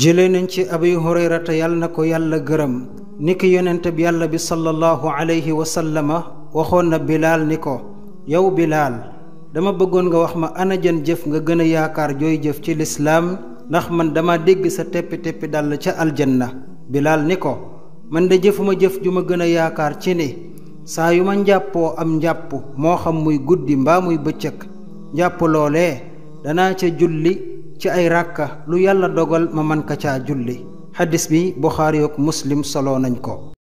jëlee nañ ci abi hurayrata yàlla na ko yàlla gërëm niki yonent bi yàlla bi sallallahu alayhi wa sallama waxoon na bilaal ni ko yow bilaal dama bëggoon nga wax ma ana jan jëf nga gën a yaakaar jooy jëf ci lislaam ndax man dama dégg sa teppi teppi dal ca aljanna bilaal ni ko man de jëfuma jëf ju ma gën a yaakaar ci ni saa yu ma njàppoo am njàpp moo xam muy guddi mbaa muy bëccëg njàpp loolee danaa ca julli ci ay ràkka lu yàlla dogal ma man ko caa julli xaddis bi buxaari yook muslim solo nañ ko